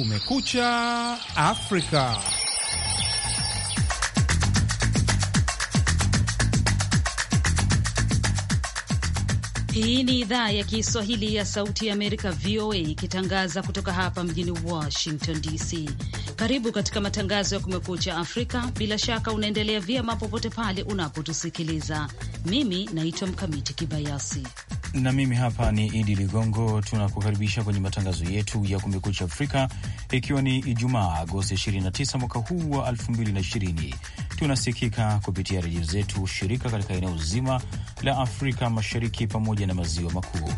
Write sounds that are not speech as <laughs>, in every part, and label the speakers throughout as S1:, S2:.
S1: Kumekucha Afrika.
S2: Hii ni idhaa ya Kiswahili ya Sauti ya Amerika, VOA, ikitangaza kutoka hapa mjini Washington DC. Karibu katika matangazo ya Kumekucha Afrika. Bila shaka unaendelea vyema popote pale unapotusikiliza. Mimi naitwa Mkamiti Kibayasi
S3: na mimi hapa ni Idi Ligongo. Tunakukaribisha kwenye matangazo yetu ya Kumekucha Afrika, ikiwa ni Ijumaa Agosti 29 mwaka huu wa 2020. Tunasikika kupitia redio zetu shirika katika eneo zima la Afrika Mashariki pamoja na Maziwa Makuu.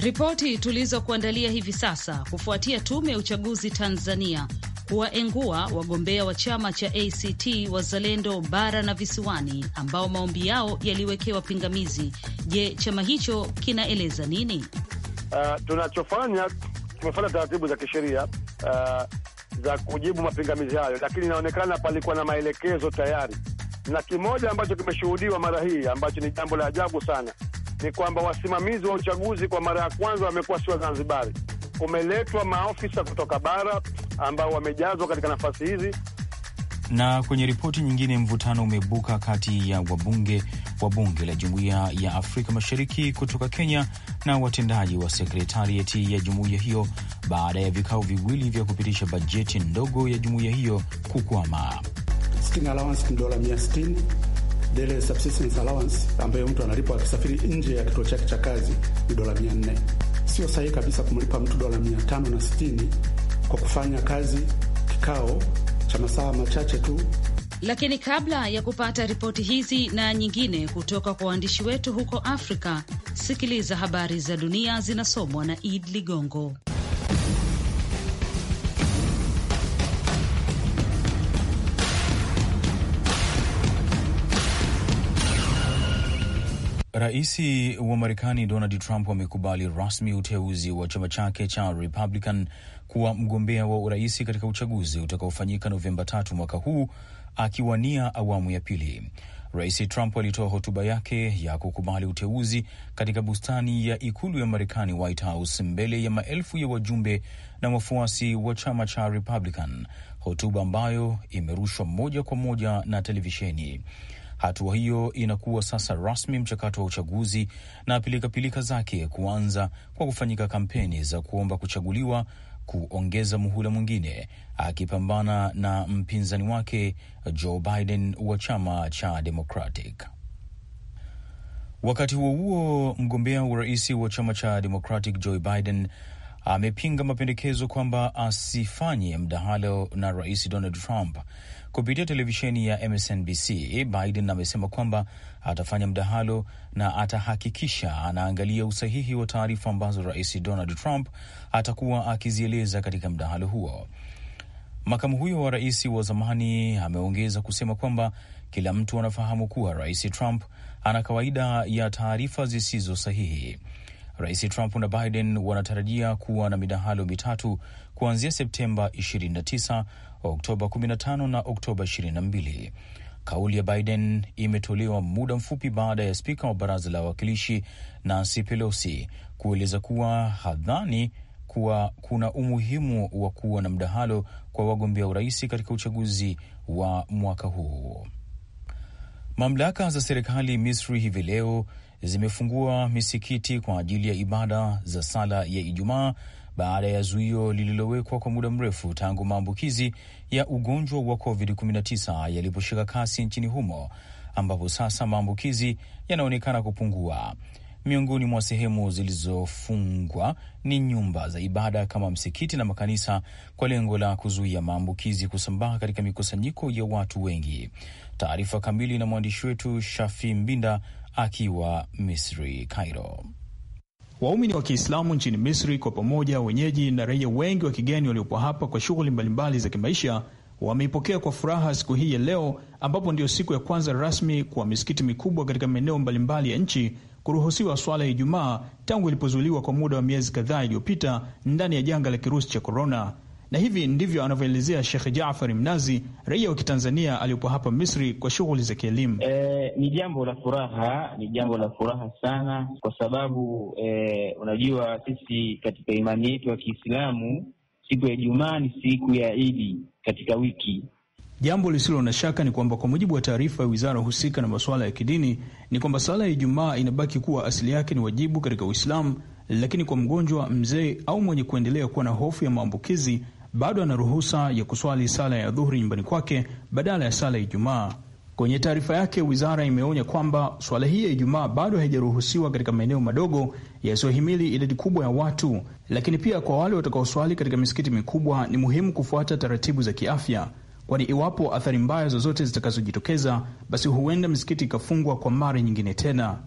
S2: Ripoti tulizokuandalia hivi sasa, kufuatia tume ya uchaguzi Tanzania kuwaengua wagombea wa chama cha ACT Wazalendo bara na visiwani ambao maombi yao yaliwekewa pingamizi. Je, chama hicho kinaeleza nini?
S4: Uh, tunachofanya tumefanya taratibu za kisheria uh, za kujibu mapingamizi hayo, lakini inaonekana palikuwa na maelekezo tayari, na kimoja ambacho kimeshuhudiwa mara hii ambacho ni jambo la ajabu sana ni kwamba wasimamizi wa uchaguzi kwa mara ya kwanza wamekuwa si zanzibari Kumeletwa maofisa kutoka bara ambao wamejazwa katika nafasi hizi.
S3: Na kwenye ripoti nyingine, mvutano umebuka kati ya wabunge wa bunge la Jumuiya ya Afrika Mashariki kutoka Kenya na watendaji wa sekretarieti ya jumuiya hiyo baada ya vikao viwili vya kupitisha bajeti ndogo ya jumuiya hiyo kukwama.
S5: Dola subsistence allowance ambayo mtu analipwa akisafiri nje ya kituo chake cha kazi ni dola mia Sio sahihi kabisa kumlipa mtu dola mia kwa kufanya kazi kikao cha masaa machache tu.
S2: Lakini kabla ya kupata ripoti hizi na nyingine kutoka kwa waandishi wetu huko Afrika, sikiliza habari za dunia zinasomwa na Id Ligongo.
S3: Rais wa Marekani Donald Trump amekubali rasmi uteuzi wa chama chake cha Republican kuwa mgombea wa urais katika uchaguzi utakaofanyika Novemba tatu mwaka huu akiwania awamu ya pili. Rais Trump alitoa hotuba yake ya kukubali uteuzi katika bustani ya ikulu ya Marekani, White House, mbele ya maelfu ya wajumbe na wafuasi wa chama cha Republican, hotuba ambayo imerushwa moja kwa moja na televisheni. Hatua hiyo inakuwa sasa rasmi mchakato wa uchaguzi na pilikapilika zake kuanza kwa kufanyika kampeni za kuomba kuchaguliwa kuongeza muhula mwingine akipambana na mpinzani wake Joe Biden wa chama cha Democratic. Wakati huo huo, mgombea urais wa chama cha Democratic Joe Biden amepinga mapendekezo kwamba asifanye mdahalo na Rais Donald Trump Kupitia televisheni ya MSNBC, Biden amesema kwamba atafanya mdahalo na atahakikisha anaangalia usahihi wa taarifa ambazo Rais Donald Trump atakuwa akizieleza katika mdahalo huo. Makamu huyo wa rais wa zamani ameongeza kusema kwamba kila mtu anafahamu kuwa Rais Trump ana kawaida ya taarifa zisizo sahihi. Rais Trump na Biden wanatarajia kuwa na midahalo mitatu kuanzia Septemba 29 Oktoba 15 na Oktoba 22. Kauli ya Biden imetolewa muda mfupi baada ya spika wa baraza la wawakilishi Nancy Pelosi kueleza kuwa hadhani kuwa kuna umuhimu wa kuwa na mdahalo kwa wagombea urais katika uchaguzi wa mwaka huu. Mamlaka za serikali Misri hivi leo zimefungua misikiti kwa ajili ya ibada za sala ya Ijumaa baada ya zuio lililowekwa kwa muda mrefu tangu maambukizi ya ugonjwa wa COVID-19 yaliposhika kasi nchini humo, ambapo sasa maambukizi yanaonekana kupungua. Miongoni mwa sehemu zilizofungwa ni nyumba za ibada kama msikiti na makanisa kwa lengo la kuzuia maambukizi kusambaa katika mikusanyiko ya watu wengi. Taarifa kamili na
S1: mwandishi wetu Shafi Mbinda akiwa Misri, Cairo. Waumini wa Kiislamu nchini Misri kwa pamoja, wenyeji na raia wengi wa kigeni waliopo hapa kwa shughuli mbalimbali za kimaisha wameipokea kwa furaha siku hii ya leo, ambapo ndiyo siku ya kwanza rasmi kwa misikiti mikubwa katika maeneo mbalimbali ya nchi kuruhusiwa swala ya Ijumaa tangu ilipozuiliwa kwa muda wa miezi kadhaa iliyopita ndani ya janga la kirusi cha korona na hivi ndivyo anavyoelezea shekhe jafari Mnazi, raia wa Kitanzania aliyopo hapa Misri kwa shughuli za kielimu. E, ni jambo la furaha, ni jambo la furaha sana kwa sababu e, unajua sisi katika imani yetu ya Kiislamu siku ya Ijumaa ni siku ya Idi katika wiki. Jambo lisilo na shaka ni kwamba kwa mujibu wa taarifa ya wizara husika na masuala ya kidini ni kwamba sala ya Ijumaa inabaki kuwa asili yake ni wajibu katika Uislamu, lakini kwa mgonjwa, mzee au mwenye kuendelea kuwa na hofu ya maambukizi bado ana ruhusa ya kuswali sala ya dhuhuri nyumbani kwake badala ya sala ya Ijumaa. Kwenye taarifa yake, wizara imeonya kwamba swala hii ya Ijumaa bado haijaruhusiwa katika maeneo madogo yasiyohimili idadi kubwa ya watu, lakini pia kwa wale watakaoswali katika misikiti mikubwa ni muhimu kufuata taratibu za kiafya, kwani iwapo athari mbaya zozote zitakazojitokeza, basi huenda misikiti ikafungwa kwa mara nyingine tena.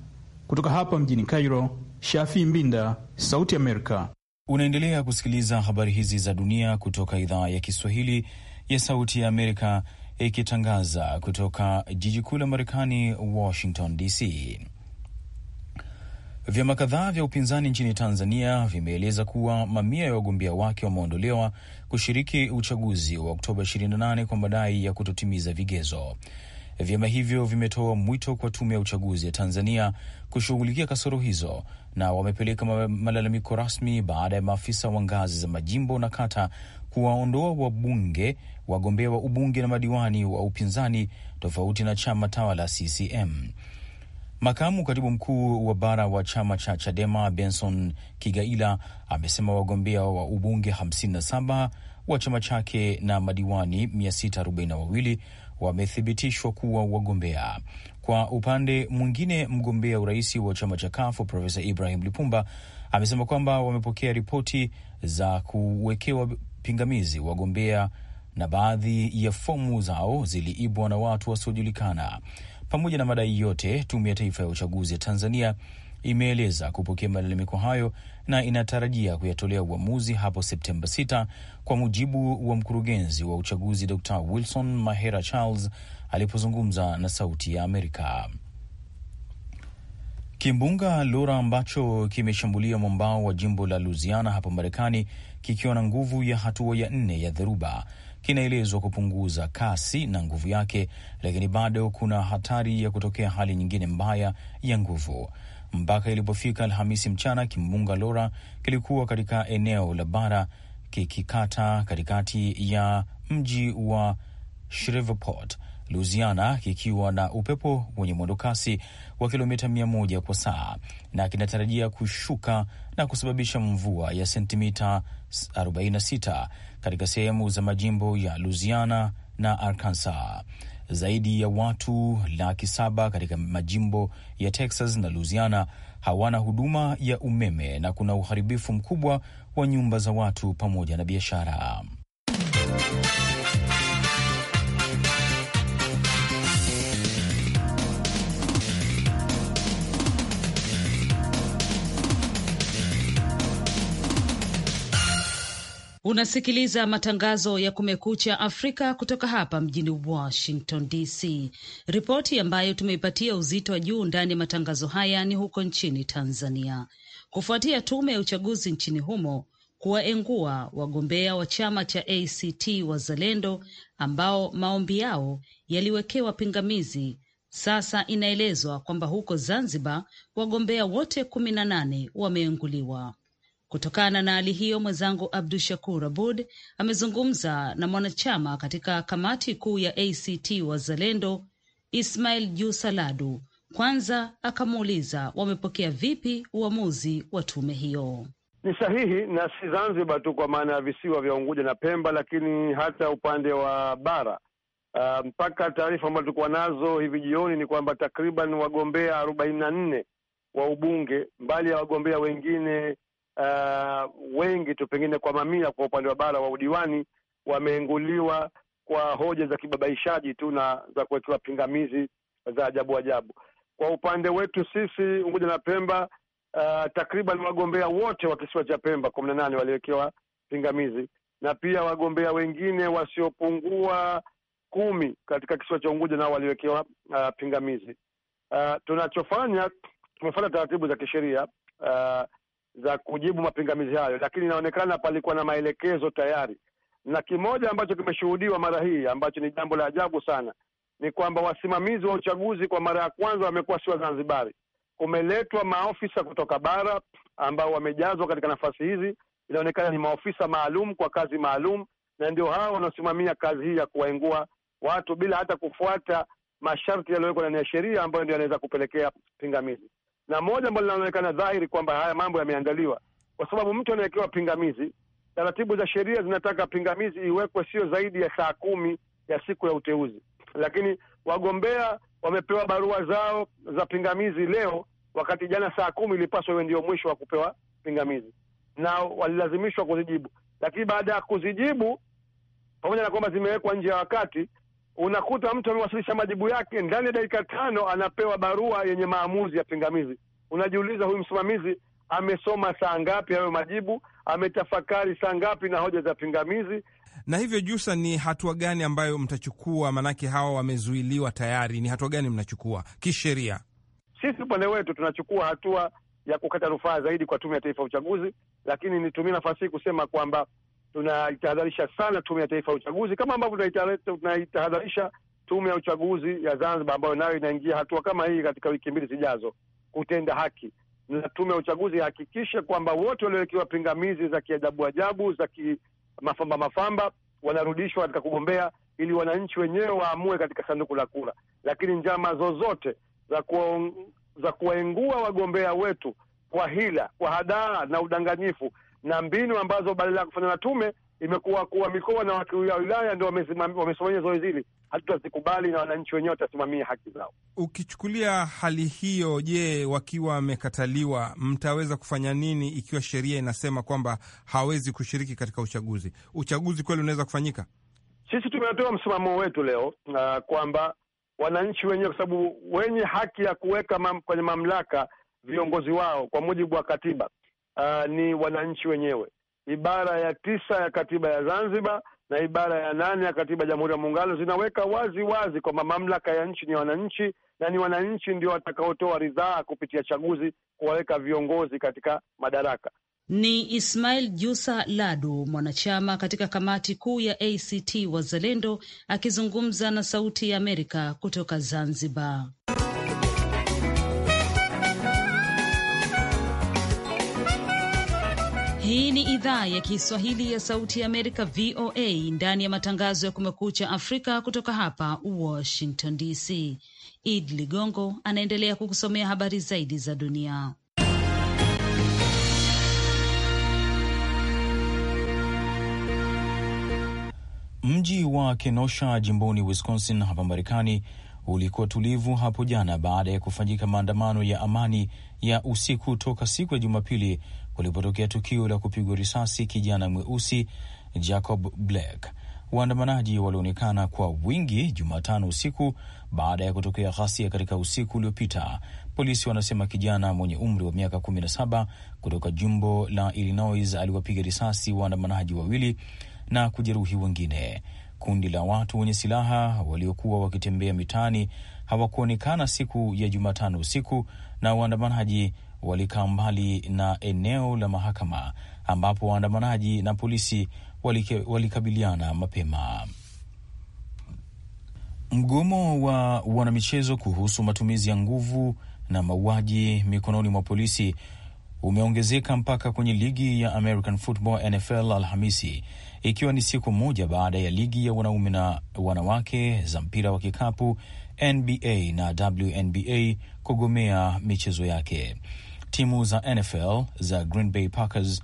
S1: Kutoka hapa mjini Cairo, Shafi Mbinda, Sauti Amerika.
S3: Unaendelea kusikiliza habari hizi za dunia kutoka idhaa ya Kiswahili ya Sauti ya Amerika ikitangaza kutoka jiji kuu la Marekani, Washington DC. Vyama kadhaa vya upinzani nchini Tanzania vimeeleza kuwa mamia ya wagombea wake wameondolewa kushiriki uchaguzi wa Oktoba 28 kwa madai ya kutotimiza vigezo. Vyama hivyo vimetoa mwito kwa tume ya uchaguzi ya Tanzania kushughulikia kasoro hizo na wamepeleka malalamiko rasmi baada ya maafisa wa ngazi za majimbo na kata kuwaondoa wabunge, wagombea wa ubunge na madiwani wa upinzani tofauti na chama tawala CCM. Makamu katibu mkuu wa bara wa chama cha Chadema Benson Kigaila amesema wagombea wa ubunge 57 wa chama chake na madiwani 642 wamethibitishwa kuwa wagombea. Kwa upande mwingine, mgombea urais wa chama cha Kafu Profesa Ibrahim Lipumba amesema kwamba wamepokea ripoti za kuwekewa pingamizi wagombea na baadhi ya fomu zao ziliibwa na watu wasiojulikana. Pamoja na madai yote, Tume ya Taifa ya Uchaguzi ya Tanzania imeeleza kupokea malalamiko hayo na inatarajia kuyatolea uamuzi hapo Septemba 6 kwa mujibu wa mkurugenzi wa uchaguzi Dr. Wilson Mahera Charles alipozungumza na Sauti ya Amerika. Kimbunga lora ambacho kimeshambulia mwambao wa jimbo la Louisiana hapa Marekani kikiwa na nguvu ya hatua ya nne ya dhoruba kinaelezwa kupunguza kasi na nguvu yake, lakini bado kuna hatari ya kutokea hali nyingine mbaya ya nguvu. Mpaka ilipofika Alhamisi mchana, kimbunga Laura kilikuwa katika eneo la bara kikikata katikati ya mji wa Shreveport, Louisiana, kikiwa na upepo wenye mwendokasi wa kilomita mia moja kwa saa na kinatarajia kushuka na kusababisha mvua ya sentimita 46 katika sehemu za majimbo ya Louisiana na Arkansas zaidi ya watu laki saba katika majimbo ya Texas na Louisiana hawana huduma ya umeme na kuna uharibifu mkubwa wa nyumba za watu pamoja na biashara.
S2: Unasikiliza matangazo ya Kumekucha Afrika kutoka hapa mjini Washington DC. Ripoti ambayo tumeipatia uzito wa juu ndani ya matangazo haya ni huko nchini Tanzania, kufuatia tume ya uchaguzi nchini humo kuwaengua wagombea wa chama cha ACT Wazalendo ambao maombi yao yaliwekewa pingamizi. Sasa inaelezwa kwamba huko Zanzibar wagombea wote kumi na nane wameenguliwa. Kutokana na hali hiyo, mwenzangu Abdu Shakur Abud amezungumza na mwanachama katika kamati kuu ya ACT Wazalendo Ismail Jusaladu, kwanza akamuuliza wamepokea vipi uamuzi wa tume hiyo.
S4: Ni sahihi na si Zanzibar tu, kwa maana ya visiwa vya Unguja na Pemba, lakini hata upande wa bara ah, mpaka taarifa ambazo tulikuwa nazo hivi jioni ni kwamba takriban wagombea arobaini na nne wa ubunge mbali ya wagombea wengine uh, wengi tu pengine kwa mamia kwa upande wa bara wa udiwani wameenguliwa kwa hoja za kibabaishaji tu na za kuwekewa pingamizi za ajabu ajabu. Kwa upande wetu sisi Unguja na Pemba, uh, takriban wagombea wote wa kisiwa cha Pemba kumi na nane waliwekewa pingamizi na pia wagombea wengine wasiopungua kumi katika kisiwa cha Unguja nao waliwekewa uh, pingamizi. Uh, tunachofanya tumefata taratibu za kisheria uh, za kujibu mapingamizi hayo, lakini inaonekana palikuwa na maelekezo tayari. Na kimoja ambacho kimeshuhudiwa mara hii ambacho ni jambo la ajabu sana ni kwamba wasimamizi wa uchaguzi kwa mara ya kwanza wamekuwa si Wazanzibari. Kumeletwa maofisa kutoka bara ambao wamejazwa katika nafasi hizi, inaonekana ni maofisa maalum kwa kazi maalum, na ndio hao wanaosimamia kazi hii ya kuwaingua watu bila hata kufuata masharti yaliyowekwa ndani ya sheria ambayo ndio yanaweza kupelekea pingamizi na moja ambalo linaonekana dhahiri kwamba haya mambo yameandaliwa, kwa sababu mtu anawekewa pingamizi. Taratibu za sheria zinataka pingamizi iwekwe sio zaidi ya saa kumi ya siku ya uteuzi, lakini wagombea wamepewa barua zao za pingamizi leo, wakati jana saa kumi ilipaswa iwe ndio mwisho wa kupewa pingamizi, na walilazimishwa kuzijibu. Lakini baada ya kuzijibu, pamoja na kwamba zimewekwa nje ya wakati, unakuta mtu amewasilisha majibu yake ndani ya dakika tano anapewa barua yenye maamuzi ya pingamizi. Unajiuliza, huyu msimamizi amesoma saa ngapi hayo majibu? Ametafakari saa ngapi na hoja za pingamizi? Na hivyo
S1: Jusa, ni hatua gani ambayo mtachukua? Maanake hawa wamezuiliwa tayari, ni hatua gani mnachukua kisheria?
S4: Sisi upande wetu tunachukua hatua ya kukata rufaa zaidi kwa Tume ya Taifa ya Uchaguzi, lakini nitumie nafasi hii kusema kwamba tunaitahadharisha sana Tume ya Taifa ya Uchaguzi kama ambavyo tunaitahadharisha Tume ya Uchaguzi ya Zanzibar ambayo nayo inaingia hatua kama hii katika wiki mbili zijazo kutenda haki na tume ya uchaguzi ihakikishe kwamba wote waliowekewa pingamizi za kiajabu ajabu za kimafamba mafamba wanarudishwa katika kugombea, ili wananchi wenyewe waamue katika sanduku la kura. Lakini njama zozote za kuwa, za kuwaengua wagombea wetu kwa hila, kwa hadaa na udanganyifu na mbinu ambazo badala ya kufanya na tume imekuwa kuwa mikoa na wakuu wa wilaya ndio wamesimamia zoezi hili. Hatutazikubali na wananchi wenyewe watasimamia haki zao.
S1: Ukichukulia hali hiyo, je, wakiwa wamekataliwa, mtaweza kufanya nini ikiwa sheria inasema kwamba hawezi kushiriki katika uchaguzi? Uchaguzi kweli unaweza kufanyika?
S4: Sisi tumetoa msimamo wetu leo uh, kwamba wananchi wenyewe, kwa sababu wenye haki ya kuweka mam, kwenye mamlaka viongozi wao kwa mujibu wa katiba uh, ni wananchi wenyewe. Ibara ya tisa ya katiba ya Zanzibar na ibara ya nane ya katiba ya Jamhuri ya Muungano zinaweka wazi wazi kwamba mamlaka ya nchi ni wananchi na ni wananchi ndio watakaotoa ridhaa kupitia chaguzi kuwaweka viongozi katika madaraka.
S2: Ni Ismail Jusa Ladu, mwanachama katika kamati kuu ya ACT Wazalendo, akizungumza na Sauti ya Amerika kutoka Zanzibar. Hii ni idhaa ya Kiswahili ya Sauti ya Amerika, VOA, ndani ya matangazo ya Kumekucha Afrika kutoka hapa Washington DC. Id Ligongo anaendelea kukusomea habari zaidi za dunia.
S3: Mji wa Kenosha jimboni Wisconsin hapa Marekani ulikuwa tulivu hapo jana baada ya kufanyika maandamano ya amani ya usiku toka siku ya Jumapili kulipotokea tukio la kupigwa risasi kijana mweusi Jacob Blake. Waandamanaji walionekana kwa wingi Jumatano usiku baada ya kutokea ghasia katika usiku uliopita. Polisi wanasema kijana mwenye umri wa miaka 17 kutoka jimbo la Illinois aliwapiga risasi waandamanaji wawili na kujeruhi wengine. Kundi la watu wenye silaha waliokuwa wakitembea mitaani hawakuonekana siku ya Jumatano usiku na waandamanaji walikaa mbali na eneo la mahakama ambapo waandamanaji na polisi walikabiliana mapema. Mgomo wa wanamichezo kuhusu matumizi ya nguvu na mauaji mikononi mwa polisi umeongezeka mpaka kwenye ligi ya American Football NFL Alhamisi, ikiwa ni siku moja baada ya ligi ya wanaume na wanawake za mpira wa kikapu NBA na WNBA kugomea michezo yake timu za NFL za Green Bay Packers,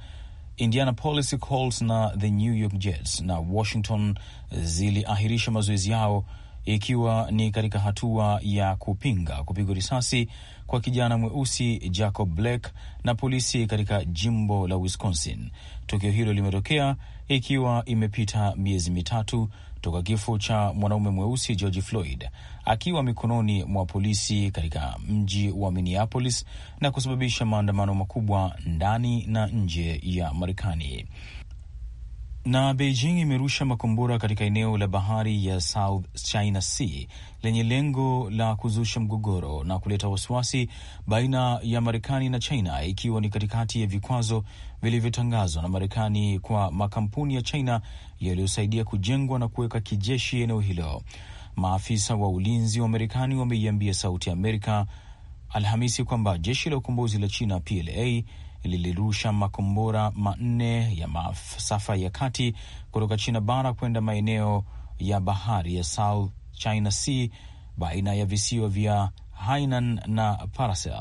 S3: Indianapolis Colts na the New York Jets na Washington ziliahirisha mazoezi yao ikiwa ni katika hatua ya kupinga kupigwa risasi kwa kijana mweusi Jacob Blake na polisi katika jimbo la Wisconsin. Tukio hilo limetokea ikiwa imepita miezi mitatu toka kifo cha mwanaume mweusi George Floyd akiwa mikononi mwa polisi katika mji wa Minneapolis na kusababisha maandamano makubwa ndani na nje ya Marekani. Na Beijing imerusha makombora katika eneo la bahari ya South China Sea lenye lengo la kuzusha mgogoro na kuleta wasiwasi baina ya Marekani na China, ikiwa ni katikati ya vikwazo vilivyotangazwa na Marekani kwa makampuni ya China yaliyosaidia kujengwa na kuweka kijeshi eneo hilo. Maafisa wa ulinzi wa Marekani wameiambia Sauti ya Amerika Alhamisi kwamba jeshi la ukombozi la China PLA lilirusha makombora manne ya masafa ya kati kutoka China bara kwenda maeneo ya bahari ya South China Sea baina ya visiwa vya Hainan na Paracel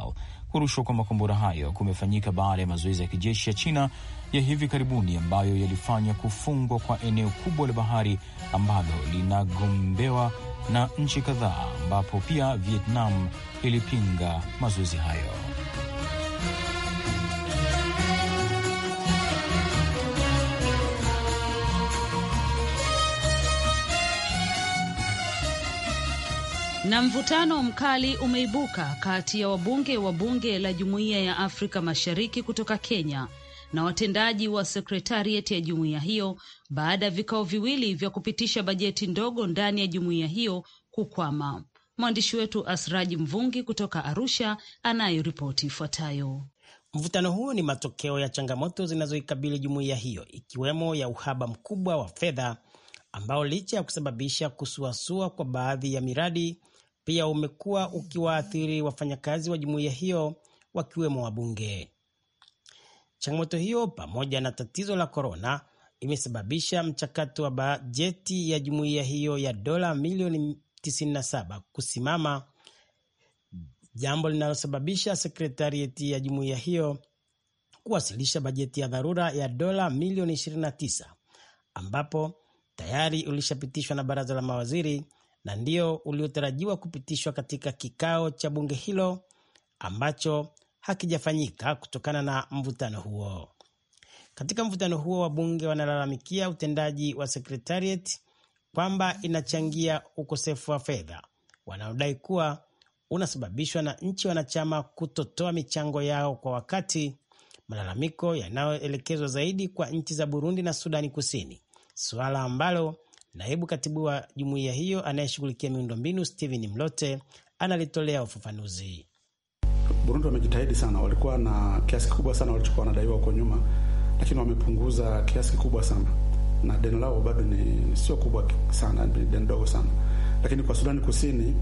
S3: Kurushwa kwa makombora hayo kumefanyika baada ya mazoezi ya kijeshi ya China ya hivi karibuni ambayo yalifanya kufungwa kwa eneo kubwa la bahari ambalo linagombewa na nchi kadhaa, ambapo pia Vietnam ilipinga mazoezi hayo.
S2: Na mvutano mkali umeibuka kati ya wabunge wa bunge la Jumuiya ya Afrika Mashariki kutoka Kenya na watendaji wa sekretarieti ya jumuiya hiyo baada ya vikao viwili vya kupitisha bajeti ndogo ndani ya jumuiya hiyo kukwama. Mwandishi wetu Asraji Mvungi kutoka Arusha anayo ripoti ifuatayo.
S6: Mvutano huo ni matokeo ya changamoto zinazoikabili jumuiya hiyo ikiwemo ya uhaba mkubwa wa fedha ambao licha ya kusababisha kusuasua kwa baadhi ya miradi pia umekuwa ukiwaathiri wafanyakazi wa jumuiya hiyo wakiwemo wabunge. Changamoto hiyo pamoja na tatizo la korona imesababisha mchakato wa bajeti ya jumuiya hiyo ya dola milioni 97 kusimama, jambo linalosababisha sekretarieti ya jumuiya hiyo kuwasilisha bajeti ya dharura ya dola milioni 29 ambapo tayari ulishapitishwa na baraza la mawaziri na ndio uliotarajiwa kupitishwa katika kikao cha bunge hilo ambacho hakijafanyika kutokana na mvutano huo. Katika mvutano huo, wabunge wanalalamikia utendaji wa sekretariat kwamba inachangia ukosefu wa fedha wanaodai kuwa unasababishwa na nchi wanachama kutotoa michango yao kwa wakati, malalamiko yanayoelekezwa zaidi kwa nchi za Burundi na Sudani Kusini, suala ambalo Naibu katibu wa jumuiya hiyo anayeshughulikia miundombinu Steven Mlote analitolea ufafanuzi.
S5: Burundi wamejitahidi sana, walikuwa na kiasi kikubwa sana walichokuwa wanadaiwa huko nyuma, lakini wamepunguza kiasi kikubwa sana, na deni lao bado ni sio kubwa sana, ni deni dogo sana. Lakini kwa Sudani Kusini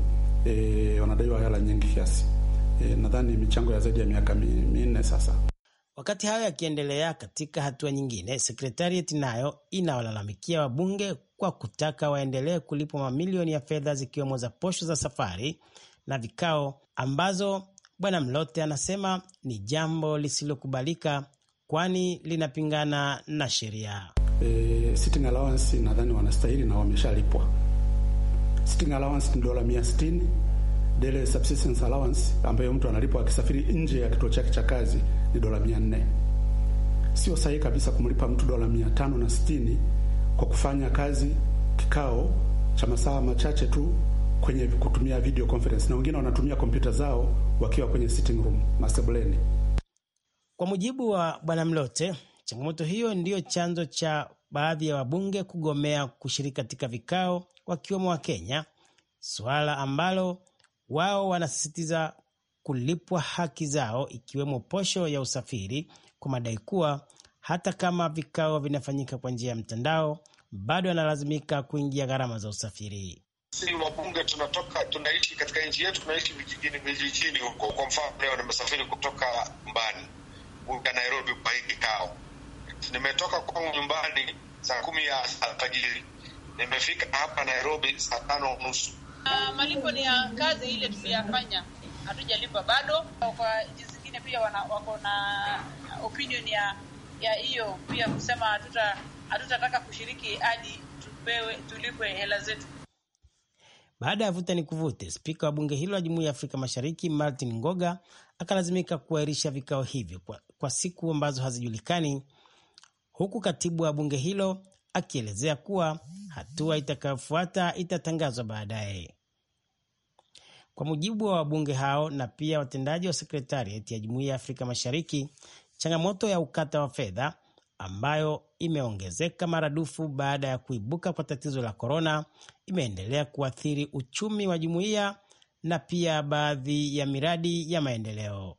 S5: e, wanadaiwa hela nyingi kiasi e, nadhani michango ya zaidi ya miaka minne sasa.
S6: Wakati hayo yakiendelea, katika hatua nyingine, sekretarieti nayo inawalalamikia wabunge kwa kutaka waendelee kulipwa mamilioni ya fedha zikiwemo za posho za safari na vikao, ambazo Bwana Mlote anasema ni jambo lisilokubalika kwani linapingana na sheria.
S5: E, sitting allowance nadhani wanastahili na wameshalipwa. Sitting allowance ni dola mia sitini subsistence allowance ambayo mtu analipwa akisafiri nje ya kituo chake cha kazi ni dola mia nne. Sio sahihi kabisa kumlipa mtu dola mia tano na sitini kwa kufanya kazi kikao cha masaa machache tu kwenye kutumia video conference, na wengine wanatumia kompyuta zao wakiwa kwenye sitting room masebuleni.
S6: Kwa mujibu wa Bwana Mlote, changamoto hiyo ndiyo chanzo cha baadhi ya wabunge kugomea kushiriki katika vikao wakiwemo wa Kenya, suala ambalo wao wanasisitiza kulipwa haki zao ikiwemo posho ya usafiri kwa madai kuwa hata kama vikao vinafanyika kwa njia ya mtandao, bado analazimika kuingia gharama za usafiri. Si wabunge tunatoka tunaishi katika nchi yetu, tunaishi vijijini
S4: vijijini huko. Kwa mfano leo nimesafiri kutoka mbani kuja Nairobi kwa hii kikao, nimetoka kwangu nyumbani saa kumi ya alfajiri, nimefika hapa Nairobi saa tano nusu.
S2: Uh, malipo ni ya kazi ile tuliyafanya, hatujalipa bado. Kwa nchi zingine pia wako na opinion ya
S6: ya hiyo pia kusema hatutataka kushiriki hadi tupewe tulipwe hela zetu. Baada ya vuta ni kuvute, spika wa bunge hilo la Jumuiya ya Afrika Mashariki Martin Ngoga akalazimika kuahirisha vikao hivyo kwa, kwa siku ambazo hazijulikani, huku katibu wa bunge hilo akielezea kuwa hatua itakayofuata itatangazwa baadaye. Kwa mujibu wa wabunge hao na pia watendaji wa sekretarieti ya Jumuiya ya Afrika Mashariki, changamoto ya ukata wa fedha ambayo imeongezeka maradufu baada ya kuibuka kwa tatizo la korona imeendelea kuathiri uchumi wa jumuiya na pia baadhi ya miradi ya maendeleo.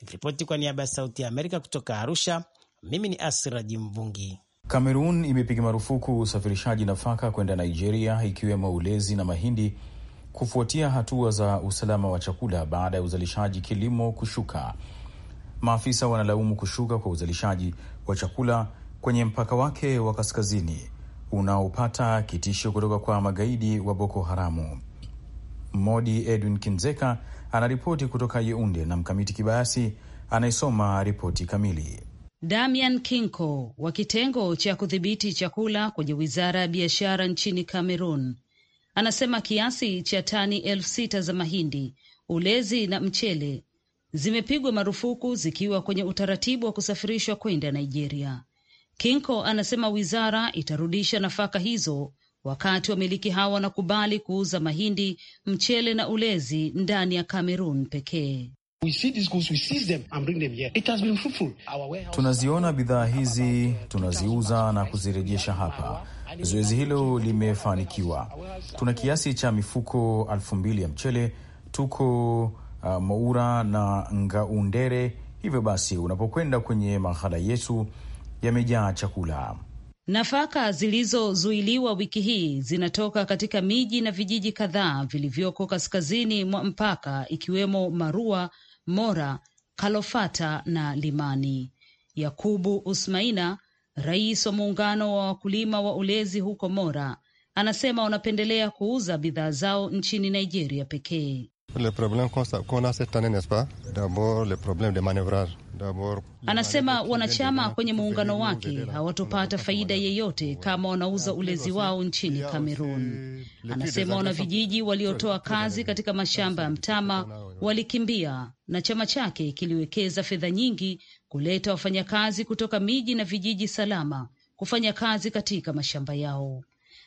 S6: Nikiripoti kwa niaba ya Sauti ya Amerika kutoka Arusha, mimi ni Asira Mvungi.
S3: Kamerun imepiga marufuku usafirishaji nafaka kwenda Nigeria, ikiwemo ulezi na mahindi, kufuatia hatua za usalama wa chakula baada ya uzalishaji kilimo kushuka Maafisa wanalaumu kushuka kwa uzalishaji wa chakula kwenye mpaka wake wa kaskazini unaopata kitisho kutoka kwa magaidi wa Boko Haramu. Modi Edwin Kinzeka anaripoti kutoka Yeunde na Mkamiti Kibayasi anayesoma ripoti kamili.
S2: Damian Kinko wa kitengo cha kudhibiti chakula kwenye wizara ya biashara nchini Cameroon anasema kiasi cha tani elfu sita za mahindi, ulezi na mchele zimepigwa marufuku zikiwa kwenye utaratibu wa kusafirishwa kwenda Nigeria. Kinko anasema wizara itarudisha nafaka hizo wakati wamiliki hawa wanakubali kuuza mahindi, mchele na ulezi ndani ya Kamerun pekee.
S3: Tunaziona bidhaa hizi, tunaziuza na kuzirejesha hapa. Zoezi hilo limefanikiwa. Tuna kiasi cha mifuko elfu mbili ya mchele, tuko Ah, Moura na Ngaundere. Hivyo basi unapokwenda kwenye maghala yetu yamejaa chakula.
S2: Nafaka zilizozuiliwa wiki hii zinatoka katika miji na vijiji kadhaa vilivyoko kaskazini mwa mpaka ikiwemo Marua, Mora, Kalofata na Limani. Yakubu Usmaina, rais wa muungano wa wakulima wa ulezi huko Mora, anasema wanapendelea kuuza bidhaa zao nchini Nigeria pekee.
S4: Le problème qu'on a cette année, n'est-ce pas D'abord, le problème de manœuvrage.
S2: Anasema wanachama kwenye muungano wake hawatopata faida yeyote kama wanauza ulezi wao nchini Kamerun. Anasema wanavijiji waliotoa kazi katika mashamba ya mtama walikimbia na chama chake kiliwekeza fedha nyingi kuleta wafanyakazi kutoka miji na vijiji salama kufanya kazi katika mashamba yao.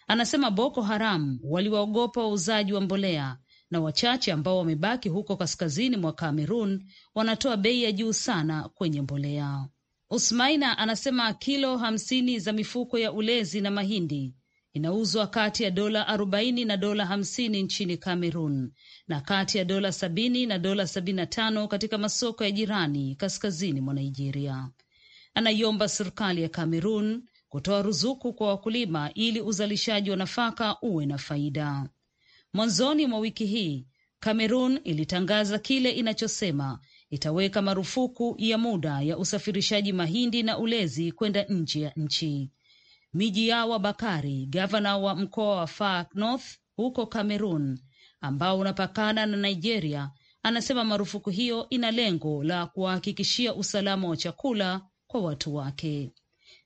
S2: Anasema Boko Haram waliwaogopa wauzaji wa mbolea na wachache ambao wamebaki huko kaskazini mwa Kamerun wanatoa bei ya juu sana kwenye mbolea. Usmaina anasema kilo hamsini za mifuko ya ulezi na mahindi inauzwa kati ya dola arobaini na dola hamsini nchini Kamerun na kati ya dola sabini na dola sabini na tano katika masoko ya jirani kaskazini mwa Nigeria. Anaiomba serikali ya Kamerun kutoa ruzuku kwa wakulima ili uzalishaji wa nafaka uwe na faida. Mwanzoni mwa wiki hii Kamerun ilitangaza kile inachosema itaweka marufuku ya muda ya usafirishaji mahindi na ulezi kwenda nje ya nchi. miji yawa Bakari, gavana wa mkoa wa Far North huko Kamerun, ambao unapakana na Nigeria, anasema marufuku hiyo ina lengo la kuwahakikishia usalama wa chakula kwa watu wake.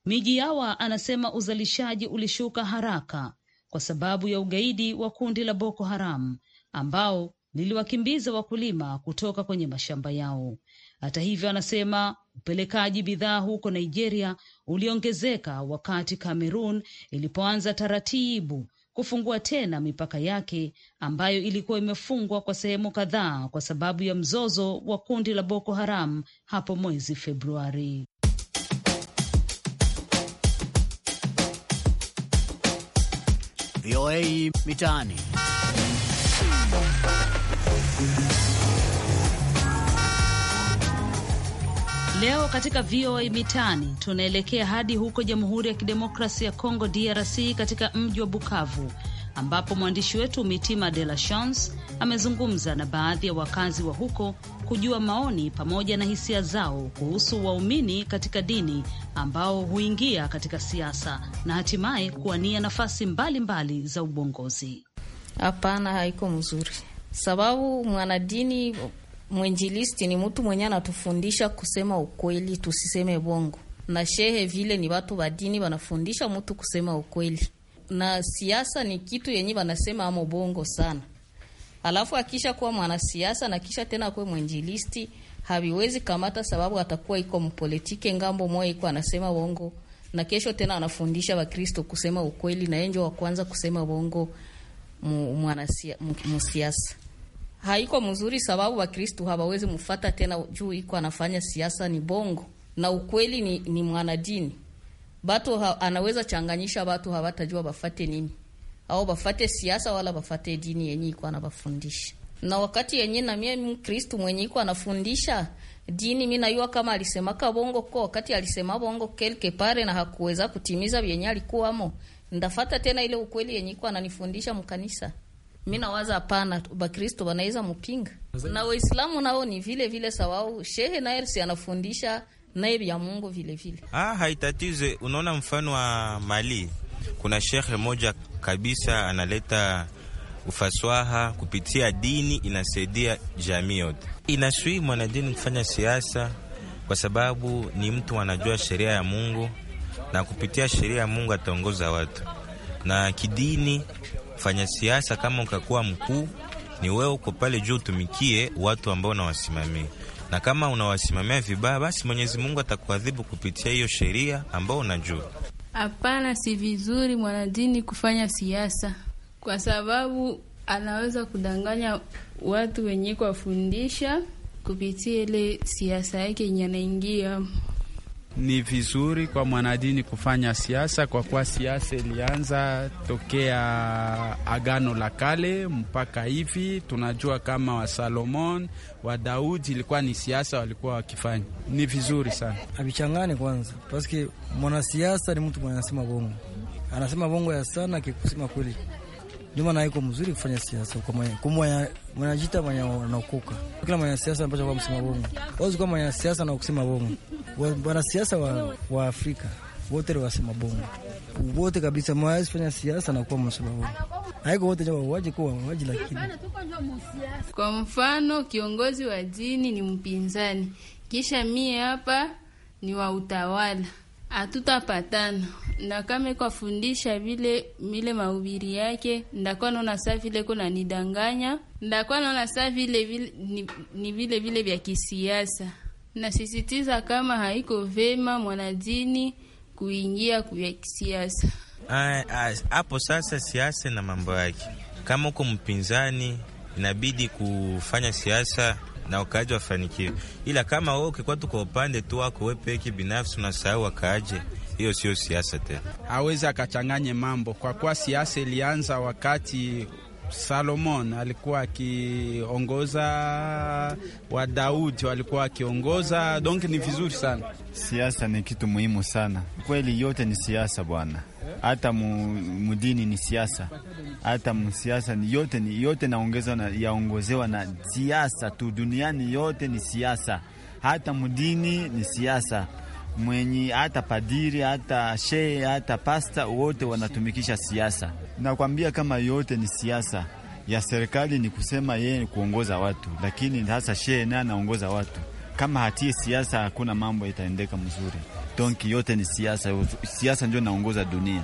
S2: miji yawa anasema uzalishaji ulishuka haraka kwa sababu ya ugaidi wa kundi la Boko Haram ambao liliwakimbiza wakulima kutoka kwenye mashamba yao. Hata hivyo, anasema upelekaji bidhaa huko Nigeria uliongezeka wakati Kamerun ilipoanza taratibu kufungua tena mipaka yake ambayo ilikuwa imefungwa kwa sehemu kadhaa kwa sababu ya mzozo wa kundi la Boko Haram hapo mwezi Februari. VOA Mitaani. Leo katika VOA Mitaani tunaelekea hadi huko Jamhuri ya Kidemokrasia ya Kongo, DRC, katika mji wa Bukavu ambapo mwandishi wetu Mitima De La Chance amezungumza na baadhi ya wakazi wa huko kujua maoni pamoja na hisia zao kuhusu waumini katika dini ambao huingia katika siasa na hatimaye kuwania nafasi mbalimbali mbali za ubongozi. Hapana, haiko mzuri, sababu
S7: mwanadini mwenjilisti ni mtu mwenye anatufundisha kusema ukweli, tusiseme bongo na shehe vile ni watu wa dini wanafundisha mtu kusema ukweli na siasa ni kitu yenye wanasema amo bongo sana, alafu akisha kuwa mwanasiasa na kisha tena kuwe mwenjilisti haviwezi kamata, sababu atakuwa iko mpolitike ngambo moja, iko anasema bongo na kesho tena anafundisha Wakristo kusema ukweli, na enjo wa kwanza kusema bongo mwanasiasa haiko mzuri, sababu Wakristo hawawezi mfata tena juu iko anafanya siasa ni bongo na ukweli ni, ni mwanadini batu ha, anaweza changanyisha batu hawatajua bafate nini au bafate siasa wala bafate dini yenye iko anabafundisha. Na wakati yenye na mie Mkristu mwenye iko anafundisha dini, mi najua kama alisemaka bongo ko wakati alisema bongo kelke pare na hakuweza kutimiza vyenye alikuwamo, ndafata tena ile ukweli yenye iko ananifundisha mkanisa. Mi nawaza hapana, Bakristo wanaweza mpinga na Waislamu nao ni vile vile, sawau shehe naye si anafundisha naye ya Mungu vile vile.
S8: Ah, haitatize. Unaona, mfano wa Mali kuna shekhe moja kabisa analeta ufaswaha kupitia dini, inasaidia jamii yote, Inashui mwanadini kufanya siasa, kwa sababu ni mtu anajua sheria ya Mungu na kupitia sheria ya Mungu ataongoza watu. Na kidini, fanya siasa, kama ukakuwa mkuu, ni wewe uko pale juu, utumikie watu ambao unawasimamia na kama unawasimamia vibaya, basi Mwenyezi Mungu atakuadhibu kupitia hiyo sheria ambayo unajua.
S7: Hapana, si vizuri mwanadini kufanya siasa, kwa sababu anaweza kudanganya watu wenye kuwafundisha kupitia ile siasa yake yenye anaingia
S5: ni vizuri kwa mwanadini kufanya siasa kwa kuwa siasa ilianza tokea Agano la Kale mpaka hivi. Tunajua kama wa Salomon wa Daudi ilikuwa ni siasa walikuwa wakifanya, ni vizuri sana.
S3: havichangani kwanza, paske mwanasiasa ni mtu mwenye anasema bongo, anasema bongo ya sana akikusema kweli ndio maana iko mzuri kufanya siasa kwa mwanajita mwenye anaokoka. Kila mwanasiasa anapaswa kuwa msema bongo, wazi wazikuwa mwanasiasa na kusema bongo wanasiasa
S9: wa, wa Afrika wote ni wasema bongo wote kabisa, mawezi fanya siasa na kuwa msema bongo haiko wote wawaji kuwa wawaji, lakini
S7: kwa mfano kiongozi wa dini ni mpinzani, kisha mie hapa ni wa utawala, hatutapatana na kama vile mile mahubiri yake, ndakuwa naona saa vile kuna nidanganya, ndakuwa naona saa vile vile ni vile vile vya kisiasa Nasisitiza kama haiko vema mwanadini kuingia kwa kisiasa
S8: hapo. Sasa siasa na mambo yake, kama uko mpinzani inabidi kufanya siasa na wakaaji wafanikiwe, ila kama wewe ukikuwa tu kwa upande tu wako wewe peke binafsi, unasahau wakaaji, hiyo sio siasa tena.
S5: Aweza akachanganye mambo kwa kuwa siasa ilianza wakati Salomon alikuwa akiongoza,
S9: wa Daudi walikuwa akiongoza, donc ni vizuri sana. Siasa ni kitu muhimu sana kweli, yote ni siasa bwana, hata mudini ni siasa, hata msiasa ni yote, ni yote naongezwa na, yaongozewa na siasa tu. Duniani yote ni siasa, hata mudini ni siasa mwenye hata padiri hata shehe hata pasta wote wanatumikisha siasa. Nakwambia kama yote ni siasa ya serikali, ni kusema yeye ni kuongoza watu, lakini hasa shehe naye anaongoza watu. Kama hatie siasa, hakuna mambo itaendeka mzuri. Donki yote ni siasa, siasa ndio naongoza dunia.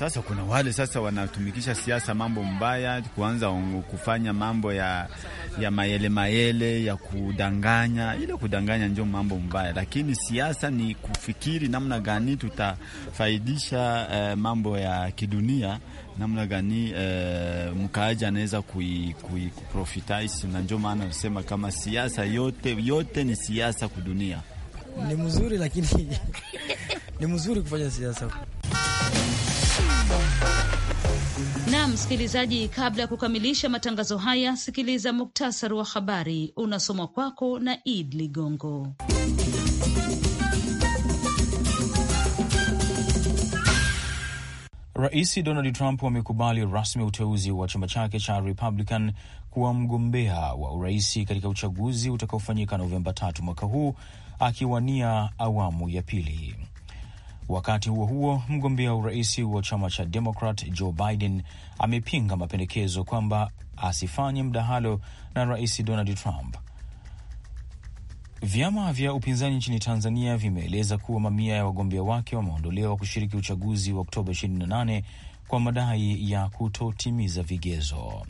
S9: Sasa kuna wale sasa wanatumikisha siasa mambo mbaya, kuanza kufanya mambo ya, ya mayele mayele ya kudanganya. Ile kudanganya ndio mambo mbaya, lakini siasa ni kufikiri namna gani tutafaidisha eh, mambo ya kidunia namna gani eh, mkaaji anaweza kuprofitize, na ndio maana nasema kama siasa yote yote ni siasa kudunia. Ni mzuri lakini
S2: <laughs>
S9: ni mzuri kufanya siasa
S2: msikilizaji, kabla ya kukamilisha matangazo haya, sikiliza muktasari wa habari unasomwa kwako na Id Ligongo.
S3: Rais Donald Trump amekubali rasmi uteuzi wa chama chake cha Republican kuwa mgombea wa uraisi katika uchaguzi utakaofanyika Novemba tatu mwaka huu akiwania awamu ya pili. Wakati huo huo, mgombea urais wa chama cha Demokrat Joe Biden amepinga mapendekezo kwamba asifanye mdahalo na Rais Donald Trump. Vyama vya upinzani nchini Tanzania vimeeleza kuwa mamia ya wagombea wake wameondolewa kushiriki uchaguzi wa Oktoba 28 kwa madai ya kutotimiza vigezo.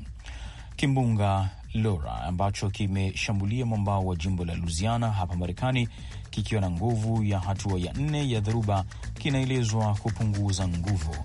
S3: Kimbunga Laura ambacho kimeshambulia mwambao wa jimbo la Louisiana hapa Marekani kikiwa na nguvu ya hatua ya nne ya dhoruba, kinaelezwa kupunguza nguvu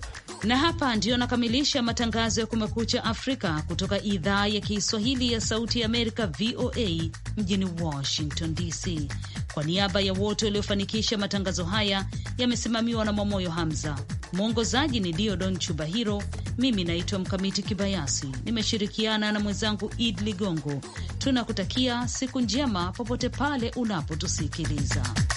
S2: na hapa ndiyo nakamilisha matangazo ya Kumekucha Afrika kutoka idhaa ya Kiswahili ya Sauti ya Amerika, VOA mjini Washington DC. Kwa niaba ya wote waliofanikisha matangazo haya, yamesimamiwa na Mwamoyo Hamza, mwongozaji ni Diodon Chubahiro. Mimi naitwa Mkamiti Kibayasi, nimeshirikiana na mwenzangu Id Ligongo. Tunakutakia siku njema popote pale unapotusikiliza.